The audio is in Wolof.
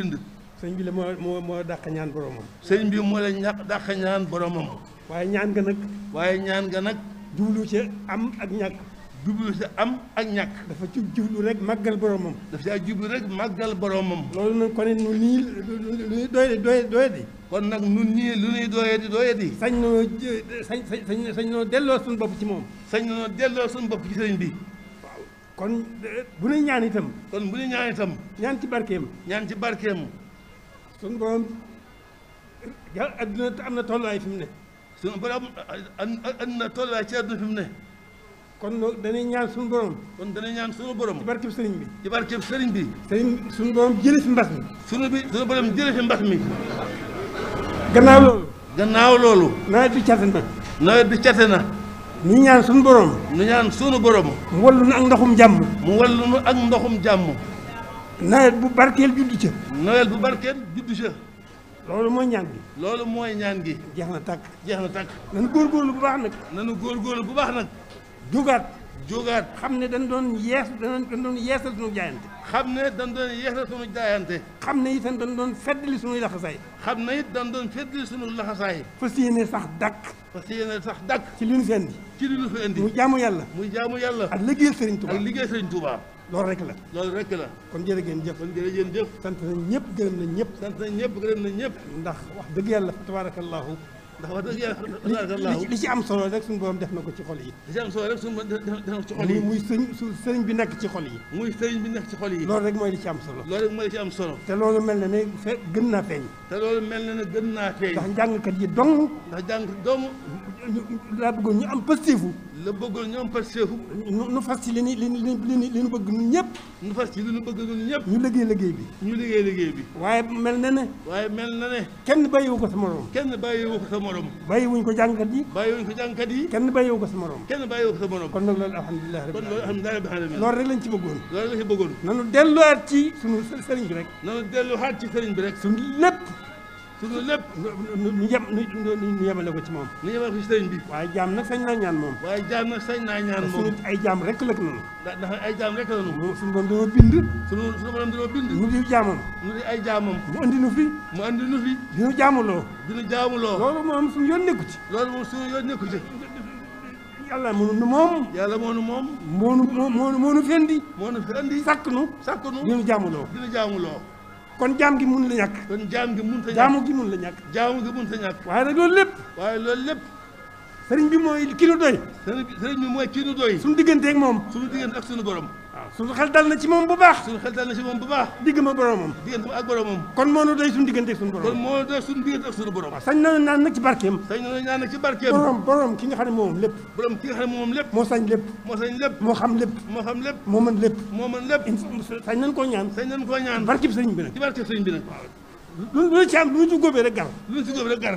bind. sëñ bi la moo moo moo dàq ñaan boromam. sëñ bi moo la ñàkk dàq ñaan boromam. waaye ñaan nga nag. waaye ñaan nga nag. jublu ci am ak ñàkk. jublu ci am ak ñàkk. dafa ci jublu rek màggal boromam. dafa ci ay jublu rek màggal boromam. loolu nag kon nu nii lu ñuy doye doye doye di. kon nag nu nii lu ñuy doye di doye di. sañ noo sañ sañ delloo suñu bopp ci moom. sañ noo delloo suñu bopp ci sëñ bi. kon bu nu ñaan itam. kon bu nu tam itam. ñaan ci barkeem. ñaan ci barkeem. suñu borom ja adduna am na tolluwaay fi mu ne. suñu borom adduna tolluwaay ci adduna fi mu ne. kon loolu dañuy ñaan suñu borom. kon dañuy ñaan suñu borom. ci barkeem sëriñ bi. ci barkeem sëriñ bi. sëriñ suñu borom jëlee fi mbas mi. suñu bi suñu borom jëlee fi mbas mi. gannaaw loolu. gannaaw loolu. nawet bi cate na. nawet bi cate na. nu ñaan suñu borom. nu ñaan suñu borom. mu wallu nu ak ndoxum jàmm. mu wallu nu ak ndoxum jàmm. nawet bu barkeel juddu ca. nawet bu barkeel juddu ca. loolu mooy ñaan gi. loolu mooy ñaan gi. jeex na tàkk. jeex na tàkk. góor góor bu baax nag. na góor góorgóorlu bu baax nag. jógaat. jógaat xam ne dañ doon yees dañ doon yeesal suñu jaayante xam ne dañ doon yeesal suñu jaayante xam ne itam dañ doon feddali suñuy laxasaay xam ne it dañ doon feddali suñu laxasaay fas yéene sax dàkk fas yéene sax dàkk ci li ñu fi indi ci li ñu fi indi muy jaamu yàlla muy jaamu yàlla ak liggéey sëriñ Touba ak liggéey loolu rek la loolu rek la kon jërë ngeen jëf kon jërë ngeen jëf sant nañ ñëpp gërëm nañ ñëpp sant nañ ñëpp gërëm nañ ñëpp ndax wax dëgg yàlla fa tabarakallahu ndax wax dëgg yàlla li ci am solo rek suñu borom def na ko ci xol yi li ci am solo rek suñu borom def na ko ci xol yi muy sëñ sëriñ bi nekk ci xol yi yi loolu rek mooy li ci am solo loolu mooy li ci am solo te loolu mel na ne fe gën naa feeñ te loolu mel na ne gën naa feeñ ndax njàngkat yi dong ndax jàng doom laa bëggoon ñu am pastifu la bëggoon ñoom parce que nu fas ci li ñu li ñu li ñu bëgg ñun ñëpp nu fas ci li ñu bëgg ñun ñëpp ñu liggéey liggéey bi ñu liggéey liggéey bi waaye mel na ne waaye mel na ne kenn bàyyiwu ko sa morom kenn bàyyiwu ko sa morom bàyyiwuñ ko jàngkat yi bàyyiwuñ ko jàngkat yi kenn bàyyiwu ko sa morom kenn bàyyiwu ko sa morom kon nag loolu alhamdulilah kon loolu alhamdulilah rabbil loolu rek lañ ci bëggoon loolu lañ ci bëggoon nanu delluwaat ci sunu sëriñ bi rek nanu delluwaat ci sëriñ bi rek sunu lépp te loolu lépp nu yem nu ko ci moom nu yemale ko bi waaye jaam na sañ naa ñaan moom waaye jaam nag sañ naa ñaan moom suñu ay jaam rek lëkk nanu ndax ay jaam rek lanu moom suñu borom dañoo bind suñu suñu borom dañoo bind nu di jaamam nu di ay jaamam mu andi nu fi mu andi nu fi dinu jaamuloo dinu jaamuloo loolu moom suñu yàlla moo nu moom yàlla moo moo nu moo moo nu fendi moo nu fendi sàkk nu sàkk nu kon jaam gi mun la ñàkk. kon jaam gi mun la ñàkk jaamu gi mun la ñàkk. jaamu gi mun la ñàkk. waaye nag loolu lépp. waaye loolu lépp. sëriñ bi mooy ki nu doy. sëriñ bi sëriñ mooy ki nu doy. suñu digganteeg moom. suñu diggante ak sunu borom. waaw suñu xel dal na ci moom bu baax suñu xel dal na ci moom digg ma boromam diggante ak kon moo nu doy suñu diggante ak suñu borom kon moo doy suñu diggante na ci barkeem sañ na ci barkeem borom borom ki nga xam moom lépp moo sañ lépp moo sañ lépp moo xam lépp moo xam lépp moo mën lépp sañ nañ koo ñaan sañ nañ koo ñaan barkeem sëriñ bi nag ci lu lu ci am gar